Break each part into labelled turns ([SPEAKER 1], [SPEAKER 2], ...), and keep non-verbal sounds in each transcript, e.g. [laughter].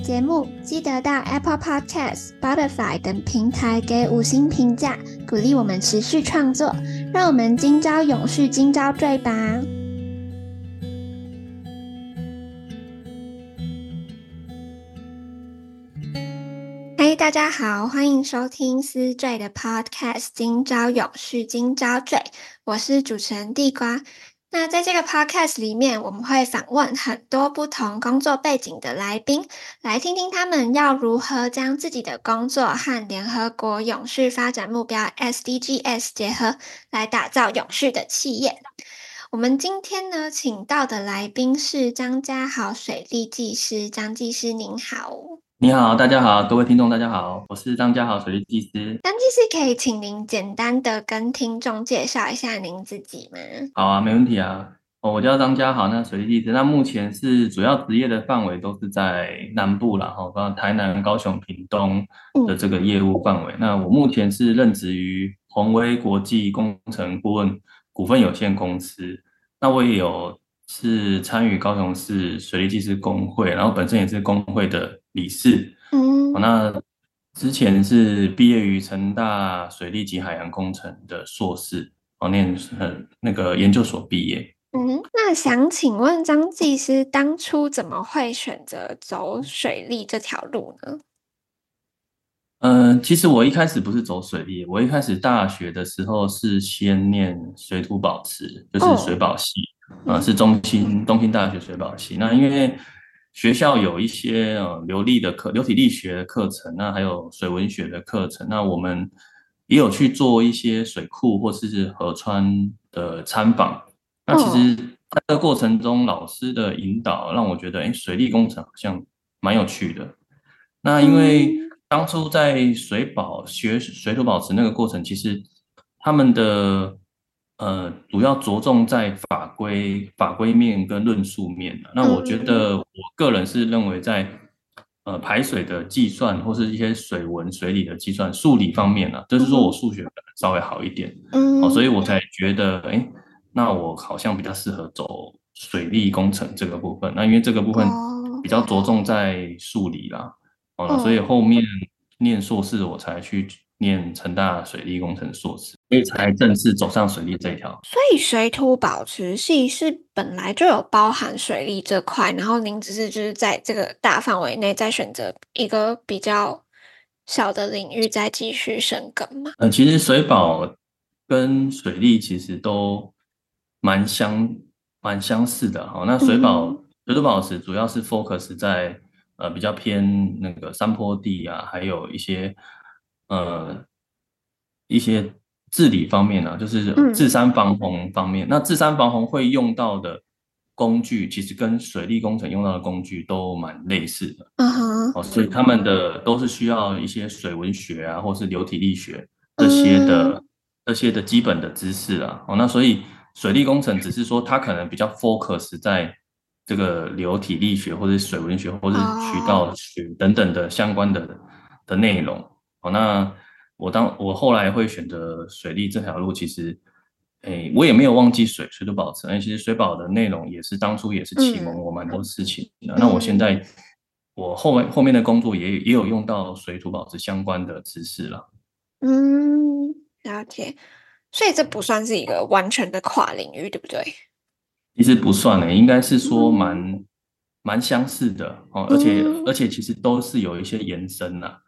[SPEAKER 1] 節目記得到 Apple Podcast、Spotify 等平台給五星評價，鼓勵我們持續創作。讓我們今朝永續，今朝綴吧！嘿、Hey，大家好，歡迎收聽思綴的 Podcast，《今朝永續，今朝綴》。我是主持人地瓜。那在這個 podcast 裡面，我們會訪問很多不同工作背景的來賓，來聽聽他們要如何將自己的工作和聯合國永續發展目標 SDGs 結合，來打造永續的企業。我們今天呢，請到的來賓是張家豪水利技師，張技師您好。
[SPEAKER 2] 你好，大家好，各位聽眾，大家好，我是張家豪，水利技師。
[SPEAKER 1] 張技師可以請您簡單的跟聽眾介紹一下您自己嗎？
[SPEAKER 2] 好啊，沒問題啊。哦，我叫張家豪，那水利技師。那目前是主要職業的範圍都是在南部啦，哈，包括台南、高雄、屏東的這個業務範圍。嗯、那我目前是任職於鴻威國際工程顧問股份有限公司。那我也有是參與高雄市水利技師工會，然後本身也是工會的。李四，理事。嗯、哦，那之前是畢業於成大水利及海洋工程的碩士。哦，念很、呃、那個研究所畢業。嗯，
[SPEAKER 1] 那想請問張技師當初怎麼會選擇走水利這條路
[SPEAKER 2] 呢？嗯、呃，其實我一開始不是走水利，我一開始大學的時候是先念水土保持，就是水保系，啊，是中，中興大學水保系。那因為學校有一些呃流力的課、流體力學的課程，那還有水文學的課程。那我們也有去做一些水庫或者是河川的參訪。那其實在這個過程中，老師的引導讓我覺得，誒，水利工程好像蠻有趣的。那因為當初在水保學水土保持那個過程，其實他們的。呃，主要着重在法規法規面跟論述面、啊、那我覺得我個人是認為在，在、嗯、呃排水的計算或是一些水文水理的計算數理方面呢、啊，就是說我數學可能稍微好一點，嗯、哦，所以我才覺得，哎、欸，那我好像比較適合走水利工程這個部分。那因為這個部分比較着重在數理啦，哦，所以後面念碩士我才去。念成大水利工程碩士，所以才正式走上水利這一條。
[SPEAKER 1] 所以水土保持系是本來就有包含水利這塊，然後您只是就是在這個大範圍內再選擇一個比較小的領域再繼續深耕嘛？
[SPEAKER 2] 呃，其實水保跟水利其實都蠻相蠻相似的、哦。好，那水保、嗯、水土保持主要是 focus 在呃比較偏那個山坡地啊，還有一些。呃，一些治理方面呢、啊，就是治山防洪方面。嗯、那治山防洪會用到的工具，其實跟水利工程用到的工具都蠻類似的。嗯哼。哦，所以他們的都是需要一些水文學啊，或是流體力學這些的、嗯、這些的基本的知識啦、啊。哦，那所以水利工程只是說，它可能比較 focus 在這個流體力學，或者水文學，或者渠道學等等的相關的、嗯、的內容。那我當我後來會選擇水利這條路，其實、欸，我也沒有忘記水水土保持。而且其實水保的內容也是當初也是啟蒙我蠻多事情的。嗯、那我現在我後面後面的工作也也有用到水土保持相關的知識了。嗯，
[SPEAKER 3] 了
[SPEAKER 1] 解。所以這不算是一個完全的跨領域，對不對？
[SPEAKER 2] 其實不算呢、欸，應該是說蠻蠻、嗯、相似的哦。而且、嗯、而且，其實都是有一些延伸了。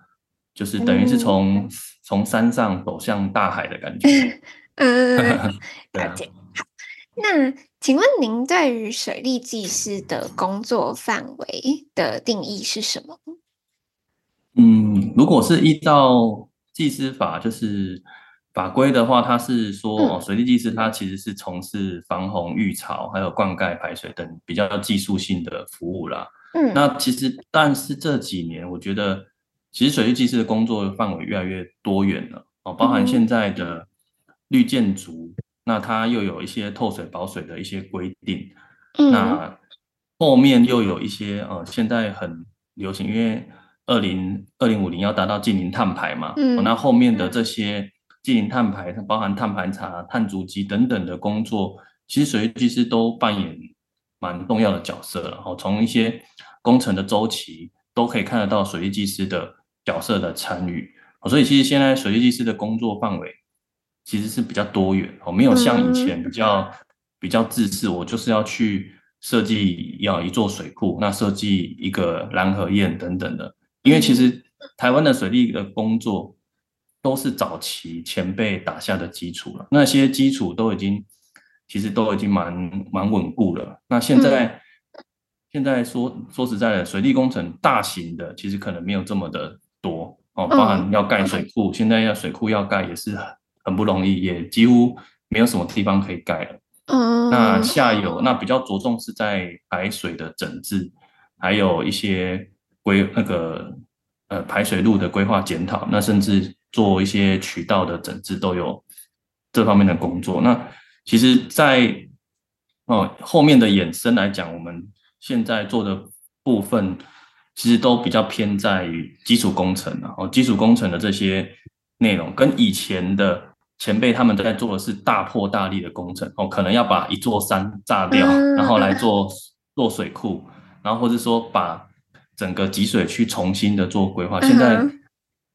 [SPEAKER 2] 就是等於是從、嗯、從山上走向大海的感覺。嗯，嗯、了解。
[SPEAKER 1] [laughs] 對那請問您對於水利技師的工作範圍的定義是什麼？嗯，
[SPEAKER 2] 如果是依照技師法就是法規的話，它是說、嗯、水利技師它其實是從事防洪、禦潮、還有灌溉、排水等比較技術性的服務啦。嗯，那其實但是這幾年我覺得。其實，水利技師的工作範圍越來越多元了哦，包含現在的綠建築，嗯、那它又有一些透水保水的一些規定。嗯，那後面又有一些呃，現在很流行，因為二零二零五零要達到淨零碳排嘛、嗯哦，那後面的這些淨零碳排，它包含碳盤查、碳足跡等等的工作，其實水利技師都扮演蠻重要的角色，然後從一些工程的周期。都可以看得到水利技師的角色的參與，所以其實現在水利技師的工作範圍其實是比較多元，我沒有像以前比較比較自私。我就是要去設計要一座水庫，那設計一個攔河堰等等的。因為其實台灣的水利的工作都是早期前輩打下的基礎了，那些基礎都已經其實都已經蠻蠻穩固了。那現在。嗯現在說說實在的，水利工程大型的其實可能沒有這麼的多哦。包含要蓋水庫，嗯，現在水要水庫要蓋也是很很不容易，也幾乎沒有什麼地方可以蓋了。嗯，
[SPEAKER 3] 那下
[SPEAKER 2] 游那比較着重是在排水的整治，還有一些規那個呃排水路的規劃檢討，那甚至做一些渠道的整治都有這方面的工作。那其實在，在哦後面的衍生來講，我們現在做的部分其實都比較偏在於基礎工程了、啊，基礎工程的這些內容跟以前的前輩他們在做的是大破大立的工程，哦，可能要把一座山炸掉，嗯、然後來做做水庫，然後或者說把整個集水區重新的做規劃。現在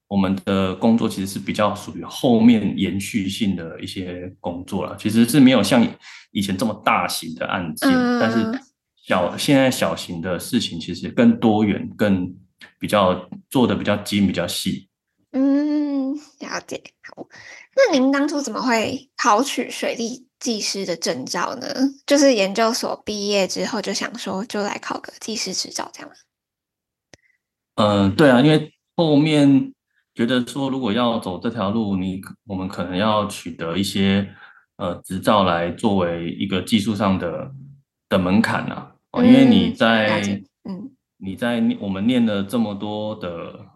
[SPEAKER 2] 我們的工作其實是比較屬於後面延續性的一些工作了，其實是沒有像以前這麼大型的案件，嗯、但是。小，現在小型的事情其實更多元，更比較做的比較精，比較細。嗯，
[SPEAKER 1] 了解。好，那您當初怎麼會考取水利技師的證照呢？就是研究所畢業之後就想說，就來考個技師執照這樣嗎？嗯、
[SPEAKER 2] 呃，對啊，因為後面覺得說，如果要走這條路，你我們可能要取得一些呃執照來作為一個技術上的的門檻啊。哦，因為你在嗯，嗯你在我們念了這麼多的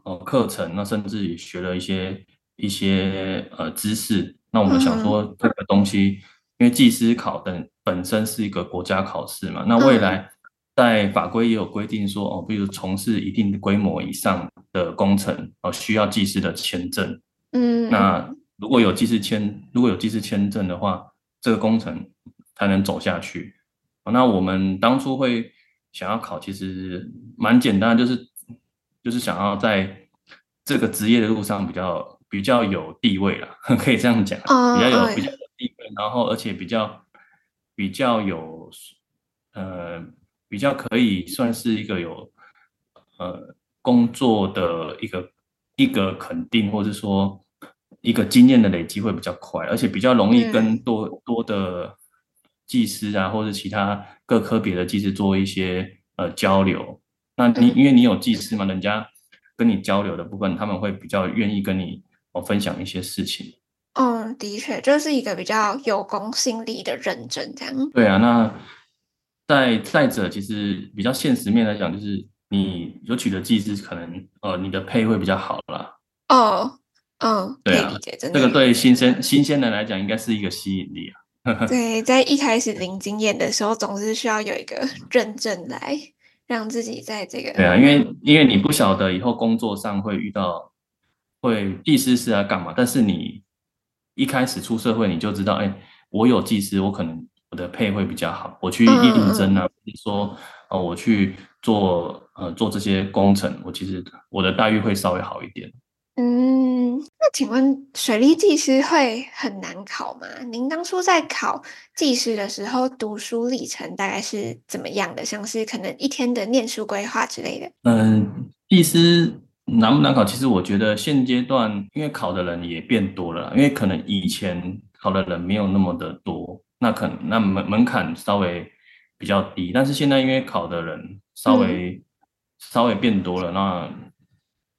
[SPEAKER 2] 呃課程，那甚至於學了一些一些呃知識。那我們想說，這個東西，嗯、因為技師考等本身是一個國家考試嘛，那未來在法規也有規定說，嗯、哦，比如從事一定規模以上的工程哦、呃，需要技師的簽證。嗯，那如果有技師簽，如果有技師簽證的話，這個工程才能走下去。那我們當初會想要考，其實蠻簡單，就是就是想要在這個職業的路上比較比較有地位了，可以這樣講，比較有比較有地位，然後而且比較比較有呃比較可以算是一個有呃工作的一個一個肯定，或者說一個經驗的累積會比較快，而且比較容易跟多多的。技師啊，或者其他各科別的技師做一些呃交流，那你因為你有技師嘛，嗯、人家跟你交流的部分，他們會比較願意跟你哦、呃、分享一些事情。
[SPEAKER 1] 嗯，的確，這、就是一個比較有公信力的認證，這樣。對啊，那
[SPEAKER 2] 再再者，其實比較現實面來講，就是你有取得技師，嗯、可能呃你的配會比較好啦。
[SPEAKER 3] 哦，嗯，對、啊、這個
[SPEAKER 2] 對新鮮新鮮人來講，應該是一個吸引力啊。 [laughs]
[SPEAKER 1] 對，在一開始零經驗的時候，總是需要有一個認證來讓自己在這個。對啊，因為
[SPEAKER 2] 因為你不曉得以後工作上會遇到會技師是要幹嘛，但是你一開始出社會你就知道，哎，我有技師，我可能我的配會比較好。我去應徵啊，你、嗯、說哦、呃，我去做呃做這些工程，我其實我的待遇會稍微好一點。
[SPEAKER 1] 嗯，那請問水利技師會很難考嗎？您當初在考技師的時候，讀書歷程大概是怎麼樣的？像是可能一天的念書規劃之類的。嗯、
[SPEAKER 2] 呃，技師難不難考？其實我覺得現階段，因為考的人也變多了，因為可能以前考的人沒有那麼的多，那可能那門門檻稍微比較低，但是現在因為考的人稍微、嗯、稍微變多了，那。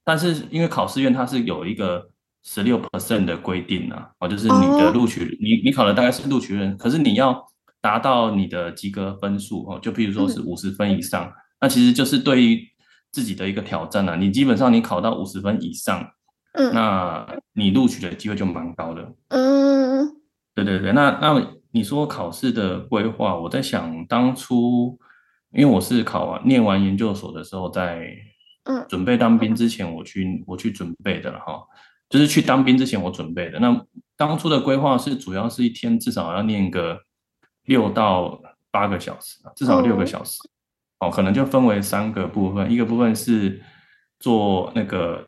[SPEAKER 2] 但是因為考試院它是有一個十六 percent 的規定呢，哦，就是你的錄取，哦哦你你考了大概是錄取人，可是你要達到你的及格分數哦，就譬如說是五十分以上，嗯、那其實就是對於自己的一個挑戰了、啊。你基本上你考到五十分以上，
[SPEAKER 3] 嗯、那
[SPEAKER 2] 你錄取的機會就蠻高的。嗯，對對對，那那你說考試的規劃，我在想當初，因為我是考完念完研究所的時候在。準備當兵之前，我去我去準備的了哈，嗯、就是去當兵之前我準備的。那當初的規劃是，主要是一天至少要念個六到八個小時，至少六個小時。嗯、哦，可能就分為三個部分，一個部分是做那個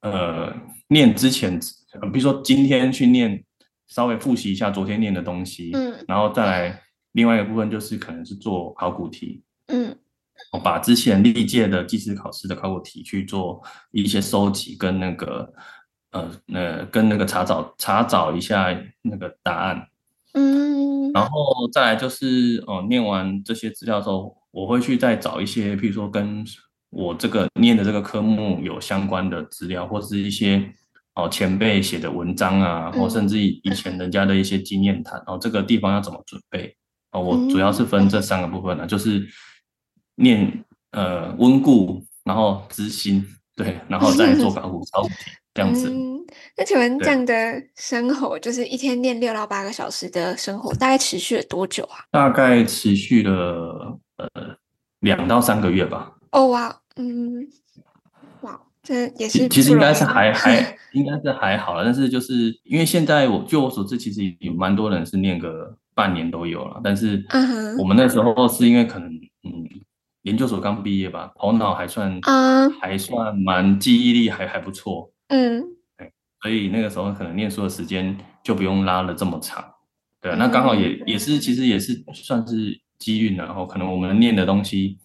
[SPEAKER 2] 呃念之前、呃，比如說今天去念，稍微複習一下昨天念的東西，嗯、然後再來另外一個部分就是可能是做考古題，嗯。把之前歷屆的技師考試的考古題去做一些收集，跟那個呃呃，跟那個查找查找一下那個答案。嗯，然後再來就是哦、呃，念完這些資料之後，我會去再找一些，譬如說跟我這個念的這個科目有相關的資料，或是一些哦、呃、前輩寫的文章啊，或、呃、甚至以前人家的一些經驗談。哦、呃，這個地方要怎麼準備？哦、呃，我主要是分這三個部分呢、啊，就是。念呃溫故，然後知新，對，然後再做考古、考古題。 [laughs] 這樣子、
[SPEAKER 1] 嗯。那請問這樣的生活，對就是一天念六到八個小時的生活，大概持續了多久啊？
[SPEAKER 2] 大概持續了呃兩到三個月吧。
[SPEAKER 1] 哦哇，嗯，哇，
[SPEAKER 3] 這也是其，其實應該是還 [laughs] 還
[SPEAKER 2] 應該是還好了，但是就是因為現在我據我所知，其實有蠻多人是念個半年都有了，但是我們那時候是因為可能。 [laughs] 研究所剛畢業吧，頭腦還算，嗯、還算蠻記憶力還還不錯，嗯對，所以那個時候可能念書的時間就不用拉了這麼長，對、啊，那剛好也、嗯、也是其實也是算是機運，然後可能我們念的東西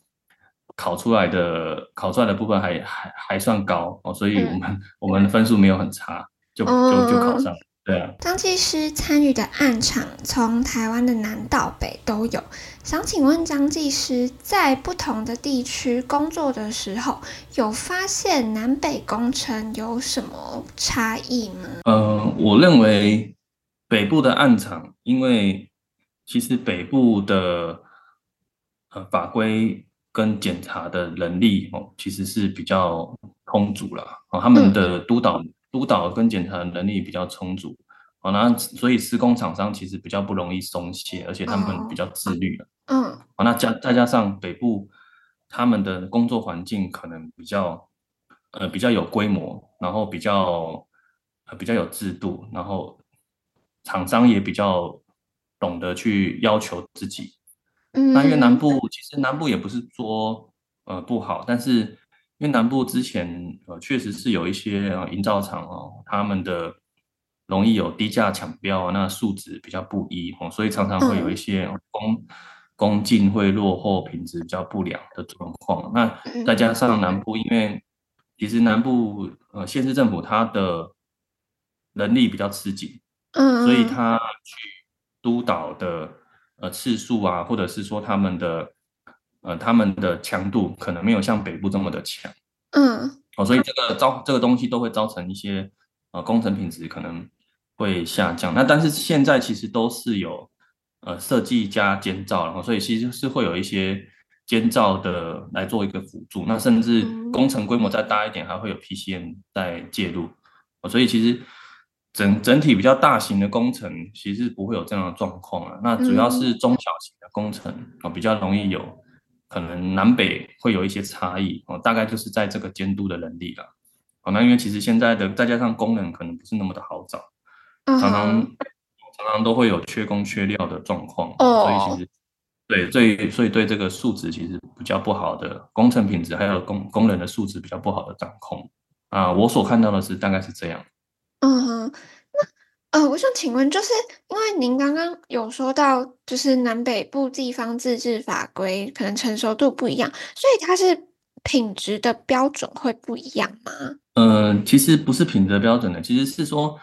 [SPEAKER 2] 考出來的考出來的部分還還還算高哦，所以我們、嗯、我們的分數沒有很差，就、嗯、就就考上。對、
[SPEAKER 1] 啊、張技師參與的案場，從台灣的南到北都有。想請問張技師，在不同的地區工作的時候，有發現南北工程有什麼差異嗎？嗯、
[SPEAKER 2] 呃，我認為北部的案場，因為其實北部的、呃、法規跟檢查的能力哦，其實是比較充足了。哦，他們的督導、嗯。督導跟檢查能力比較充足，好，那所以施工廠商其實比較不容易鬆懈，而且他們比較自律。嗯，好、oh. oh. 那加再加上北部，他們的工作環境可能比較呃比較有規模，然後比較呃比較有制度，然後廠商也比較懂得去要求自己。嗯，
[SPEAKER 3] 那因為南部、
[SPEAKER 2] mm hmm. 其實南部也不是說呃不好，但是。因為南部之前呃確實是有一些營、呃、造廠哦、呃，他們的容易有低價搶標，那素質比較不一哦、呃，所以常常會有一些、呃嗯、工工進會落後，品質比較不良的狀況。那再加上南部，因為其實南部呃縣市政府它的人力比較吃緊，嗯，嗯，嗯，所以他去督導的呃次數啊，或者是說他們的。呃，他們的強度可能沒有像北部這麼的強，嗯，哦，所以這個造，這個東西都會造成一些呃工程品質可能會下降。那但是現在其實都是有呃設計加監造，然、呃、後，所以其實是會有一些監造的來做一個輔助。那甚至工程規模再大一點，還會有 PCM 在介入、呃。所以其實整整體比較大型的工程其實不會有這樣的狀況了。那主要是中小型的工程啊、嗯呃，比較容易有。可能南北會有一些差異哦，大概就是在這個監督的能力了，可能因為其實現在的再加上工人可能不是那麼的好找，
[SPEAKER 3] 常常、
[SPEAKER 2] uh huh. 常常都會有缺工缺料的狀況，oh. 所以其實對所以所以對這個素質其實比較不好的工程品質，還有工、uh huh. 工人的素質比較不好的掌控啊。我所看到的是大概是這樣，嗯、uh
[SPEAKER 1] huh. 呃，我想請問，就是因為您剛剛有說到，就是南北部地方自治法規可能成熟度不一樣，所以它是品質的標準會不一樣嗎？
[SPEAKER 3] 嗯、
[SPEAKER 2] 呃，其實不是品質標準的，其實是說，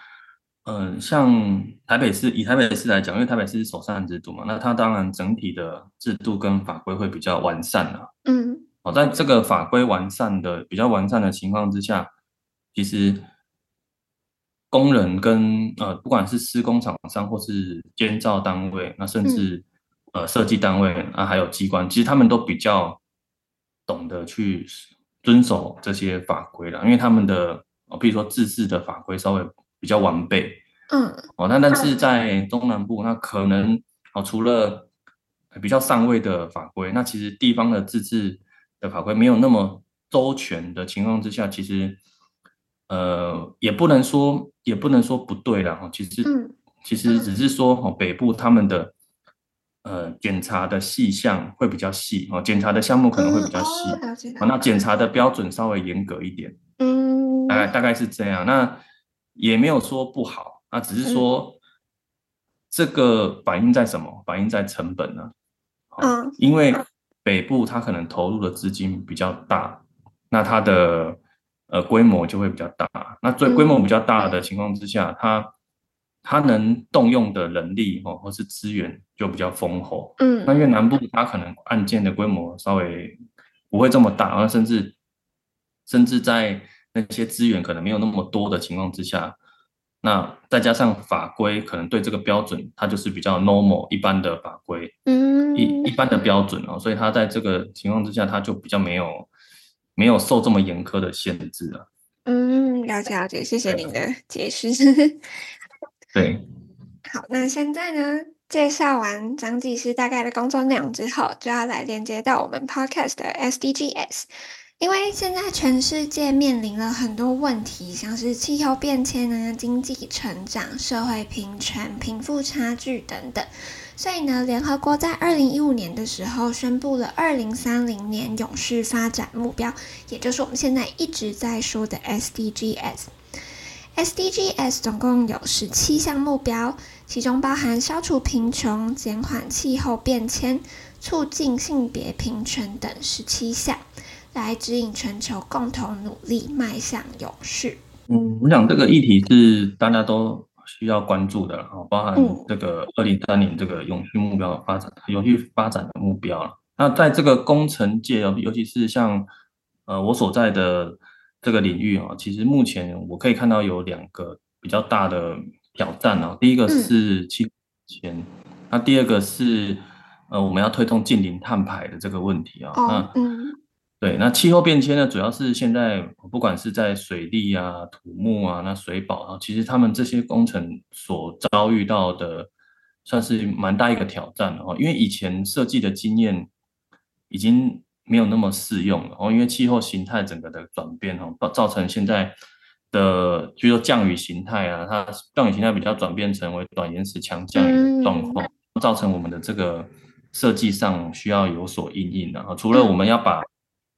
[SPEAKER 2] 嗯、呃，像台北市以台北市來講，因為台北市是首善之都嘛，那它當然整體的制度跟法規會比較完善啦、啊。嗯，好、哦，在這個法規完善的比較完善的情況之下，其實。工人跟呃，不管是施工廠商或是監造單位，那甚至、嗯、呃設計單位啊，還有機關，其實他們都比較懂得去遵守這些法規了，因為他們的比、呃、如說自治的法規稍微比較完備。嗯。哦、呃，那但是在中南部，嗯、那可能哦、呃，除了比較上位的法規，那其實地方的自治的法規沒有那麼周全的情況之下，其實。呃，也不能說，也不能說不對了哈。其實其實只是說，哦，北部他們的呃檢查的細項會比較細哦，檢查的項目可能會比較細、嗯。哦，了解，哦那檢查的標準稍微嚴格一點。嗯，大概大概是這樣。那也沒有說不好，那只是說這個反映在什麼？反映在成本呢、啊哦嗯？嗯，
[SPEAKER 3] 因為
[SPEAKER 2] 北部他可能投入的資金比較大，那他的。嗯呃，規模就會比較大。那最規模比較大的情況之下，他他、嗯、能動用的能力哦，或是資源就比較豐厚。嗯，那越南部他可能案件的規模稍微不會這麼大，然、啊、甚至甚至在那些資源可能沒有那麼多的情況之下，那再加上法規可能對這個標準它就是比較 normal 一般的法規，嗯，一一般的標準哦，所以他在這個情況之下，他就比較沒有。沒有受這麼嚴苛的限制啊！
[SPEAKER 1] 嗯，了解了解，謝謝您的解釋。對，
[SPEAKER 2] [laughs]
[SPEAKER 1] 好，那現在呢，介紹完張技師大概的工作內容之後，就要來連接到我們 Podcast 的 SDGs，因為現在全世界面臨了很多問題，像是氣候變遷呢、經濟成長、社會平權、貧富差距等等。所以呢，聯合國在二零一五年的時候宣布了二零三零年永續發展目標，也就是我們現在一直在說的 SDGs。SDGs 總共有十七項目標，其中包含消除貧窮、減緩氣候變遷、促進性別平權等十七項，來指引全球共同努力邁向永續。嗯，我
[SPEAKER 2] 想這個議題是大家都需要關注的啊，包含這個二零三零這個永續目標的發展，嗯、永續發展的目標，那在這個工程界，尤其是像呃我所在的這個領域啊，其實目前我可以看到有兩個比較大的挑戰啊。第一個是錢，那、嗯、第二個是呃我們要推動淨零碳排的這個問題啊。哦、那嗯。對，那氣候變遷呢，主要是現在不管是在水利啊、土木啊、那水保啊，其實他們這些工程所遭遇到的，算是蠻大一個挑戰的哦。因為以前設計的經驗已經沒有那麼適用了哦，因為氣候形態整個的轉變哈、哦，造成現在的，比如說降雨形態啊，它降雨形態比較轉變成為短延時強降雨狀況，造成我們的這個設計上需要有所因應的哦，除了我們要把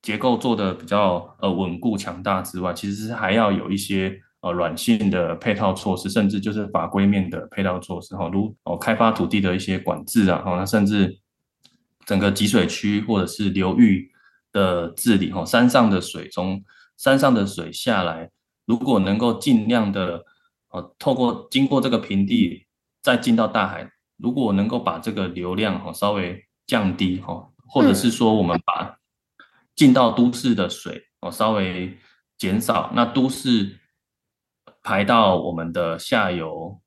[SPEAKER 2] 結構做的比較呃穩固強大之外，其實還要有一些呃軟性的配套措施，甚至就是法規面的配套措施。哈，如哦開發土地的一些管制啊，哈，那甚至整個集水區或者是流域的治理，哈，山上的水從山上的水下來，如果能夠盡量的哦透過經過這個平地再進到大海，如果能夠把這個流量哈稍微降低哈，或者是說我們把進到都市的水，哦，稍微減少；那都市排到我們的下游，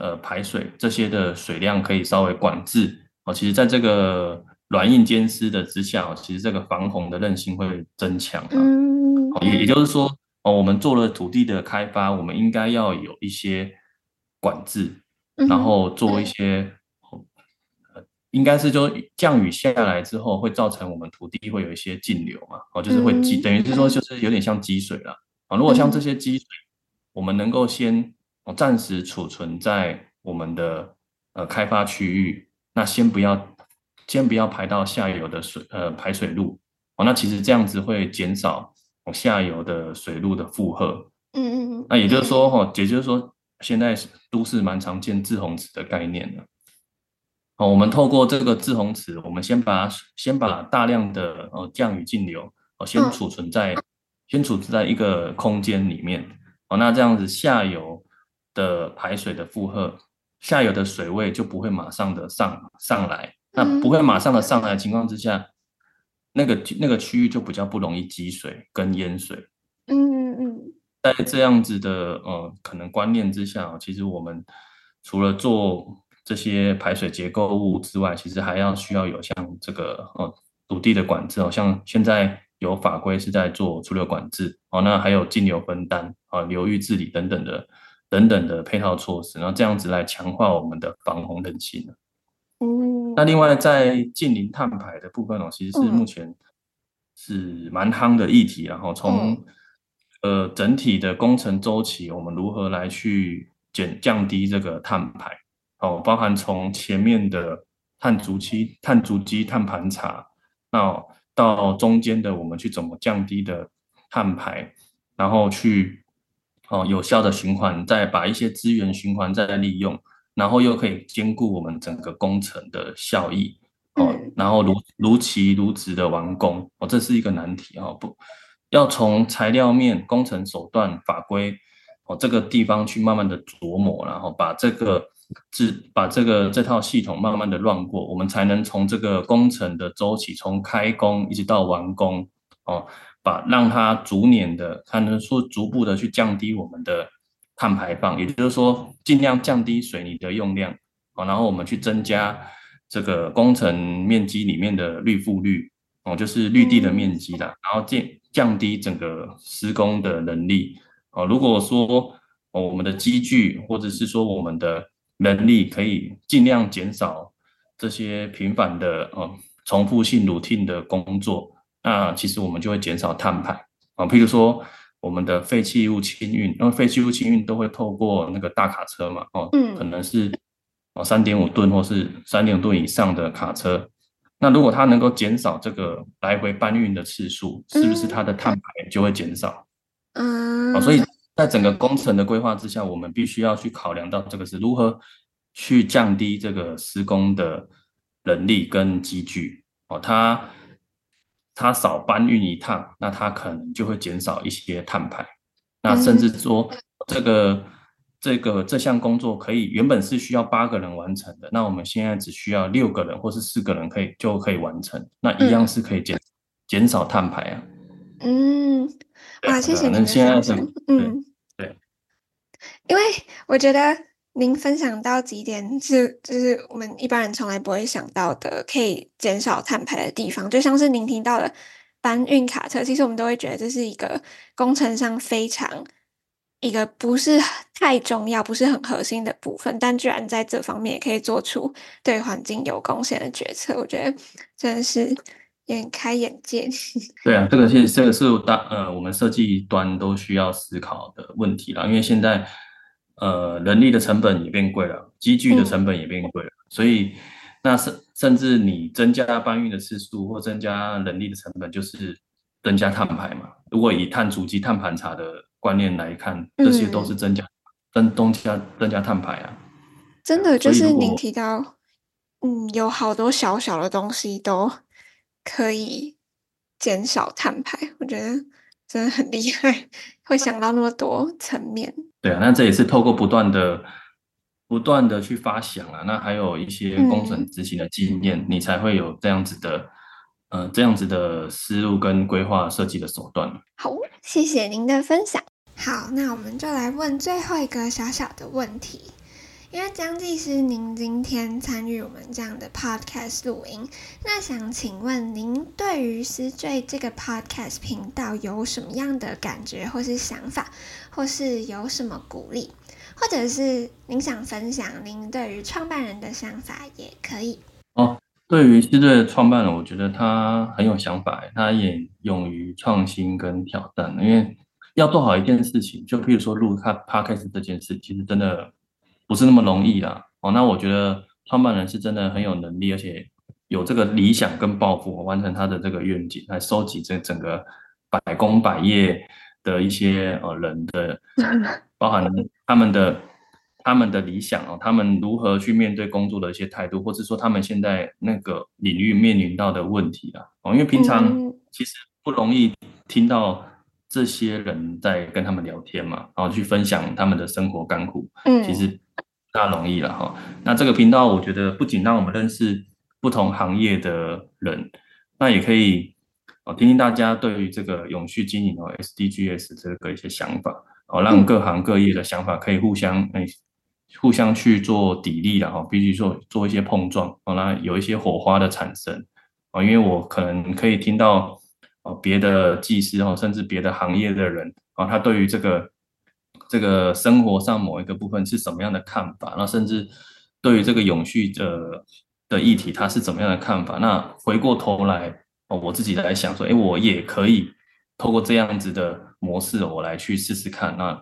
[SPEAKER 2] 呃，排水這些的水量可以稍微管制。哦，其實在這個軟硬兼施的之下，哦，其實這個防洪的韌性會增強，哦。嗯，也也就是說，哦，我們做了土地的開發，我們應該要有一些管制，嗯哼，然後做一些。應該是就降雨下來之後，會造成我們土地會有一些徑流嘛，哦，就是會積，嗯、等於是說就是有點像積水了啊、哦。如果像這些積水，嗯、我們能夠先暫、哦、時儲存在我們的呃開發區域，那先不要先不要排到下游的水呃排水路，哦，那其實這樣子會減少、哦、下游的水路的負荷。嗯嗯嗯。那也就是說哈、哦，也就是說現在都市蠻常見滯洪池的概念了。哦、我們透過這個滯洪池，我們先把先把大量的呃降雨徑流哦、呃、先儲存在、oh. 先儲存在一個空間裡面哦，那這樣子下游的排水的負荷，下游的水位就不會馬上的上上來，那不會馬上的上來的情況之下，mm. 那個那個區域就比較不容易積水跟淹水。嗯嗯嗯。在這樣子的呃可能觀念之下，其實我們除了做。這些排水結構物之外，其實還要需要有像這個、哦、土地的管制哦，像現在有法規是在做出流管制哦，那還有徑流分擔啊、哦、流域治理等等的等等的配套措施，然後這樣子來強化我們的防洪韌性。嗯，那另外在淨零碳排的部分哦，其實是目前是蠻夯的議題。嗯、然後從、嗯、呃整體的工程周期，我們如何來去減降低這個碳排？哦，包含從前面的碳足跡、碳足跡、碳盤查，到到中間的我們去怎麼降低的碳排，然後去哦有效的循環，再把一些資源循環再利用，然後又可以兼顧我們整個工程的效益哦，然後如如期如質的完工哦，這是一個難題哦，不要從材料面、工程手段、法規哦這個地方去慢慢的琢磨，然後把這個。是把這個這套系統慢慢的亂過，我們才能從這個工程的周期，從開工一直到完工，哦，把讓它逐年地，它能說逐步的去降低我們的碳排放，也就是說，盡量降低水泥的用量，哦，然後我們去增加這個工程面積裡面的綠覆率，哦，就是綠地的面積了，然後降降低整個施工的能力，哦，如果說，哦，我們的機具或者是說我們的能力可以盡量減少這些頻繁的哦、呃、重複性 routine 的工作，那其實我們就會減少碳排啊、呃。譬如說我們的廢棄物清運，那廢棄物清運都會透過那個大卡車嘛，哦、呃，可能是哦三點五噸或是三點五噸以上的卡車。那如果它能夠減少這個來回搬運的次數，是不是它的碳排就會減少？嗯、
[SPEAKER 3] 呃呃，所以。
[SPEAKER 2] 在整個工程的規劃之下，我們必須要去考量到這個是如何去降低這個施工的人力跟機具哦。他他少搬運一趟，那他可能就會減少一些碳排。那甚至說，這個嗯這個，這個這個這項工作可以原本是需要八個人完成的，那我們現在只需要六個人或是四個人可以就可以完成，那一樣是可以減、嗯、減少碳排啊。嗯，
[SPEAKER 1] 啊，對哇謝謝你。那現在是嗯。嗯因為我覺得您分享到幾點是，就是我們一般人從來不會想到的，可以減少碳排的地方。就像是您聽到的搬運卡車，其實我們都會覺得這是一個工程上非常一個不是太重要、不是很核心的部分。但居然在這方面也可以做出對環境有貢獻的決策，我覺得真的是大開眼界。對
[SPEAKER 2] 啊，這個是這個是當呃，我們設計端都需要思考的問題啦，因為現在。呃，人力的成本也變貴了，機具的成本也變貴了，嗯、所以那甚甚至你增加搬運的次數或增加人力的成本，就是增加碳排嘛。如果以碳足跡碳盤查的觀念來看，這些都是增加增、嗯、增加增加碳排啊。
[SPEAKER 1] 真的，就是您提到，嗯，有好多小小的東西都可以減少碳排，我覺得真的很厲害，會想到那麼多層面。
[SPEAKER 2] 對啊，那這也是透過不斷的、不斷的去發想啊，那還有一些工程執行的經驗，嗯、你才會有這樣子的，呃，這樣子的思路跟規劃設計的手段。
[SPEAKER 1] 好，謝謝您的分享。好，那我們就來問最後一個小小的問題，因為張技師，您今天參與我們這樣的 podcast 錄音，那想請問您對於思綴這個 podcast 頻道有什麼樣的感覺或是想法？或是有什麼鼓勵，或者是您想分享您對於創辦人的想法也可以。
[SPEAKER 2] 哦，對於現在的創辦人，我覺得他很有想法，他也勇於創新跟挑戰。因為要做好一件事情，就譬如說錄他 podcast 這件事，其實真的不是那麼容易啦。哦，那我覺得創辦人是真的很有能力，而且有這個理想跟抱負，完成他的這個願景，來收集這整個百工百業。的一些呃人的，包含他們的他們的理想哦，他們如何去面對工作的一些態度，或是說他們現在那個領域面臨到的問題啊，哦，因為平常其實不容易聽到這些人在跟他們聊天嘛，然後去分享他們的生活甘苦，其實不大容易了哈。那這個頻道，我覺得不僅讓我們認識不同行業的人，那也可以。我聽聽大家對於這個永續經營哦，SDGs 這個一些想法哦，讓各行各業的想法可以互相、嗯、誒，互相去做砥礪然後、哦、必須做做一些碰撞，好、哦，那有一些火花的產生啊、哦，因為我可能可以聽到哦，別的技師哦，甚至別的行業的人啊、哦，他對於這個這個生活上某一個部分是什麼樣的看法，那甚至對於這個永續的的議題，他是怎麼樣的看法？那回過頭來。哦，我自己來想說，哎，我也可以透過這樣子的模式，我來去試試看。那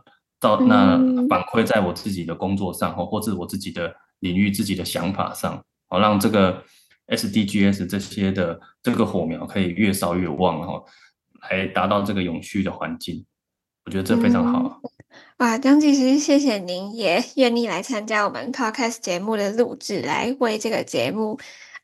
[SPEAKER 2] 到那反饋在我自己的工作上，哈，或者我自己的領域、自己的想法上，好，讓這個 SDGs 這些的這個火苗可以越燒越旺，哈，來達到這個永續的環境。我覺得這非常好。
[SPEAKER 1] 嗯、哇，張技師，謝謝您也願意來參加我們 podcast 節目的錄製，來為這個節目。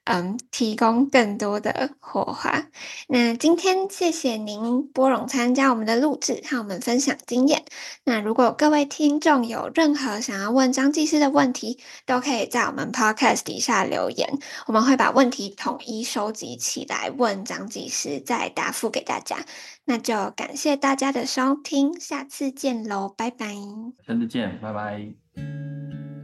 [SPEAKER 1] 嗯，提供更多的火花。那今天謝謝您撥冗參加我們的錄製，和我們分享經驗。那如果各位聽眾有任何想要問張技師的問題，都可以在我們 Podcast 底下留言，我們會把問題統一收集起來問張技師，再答覆給大家。那就感謝大家的收聽，下次見嘍，拜拜。下次
[SPEAKER 2] 見，拜拜。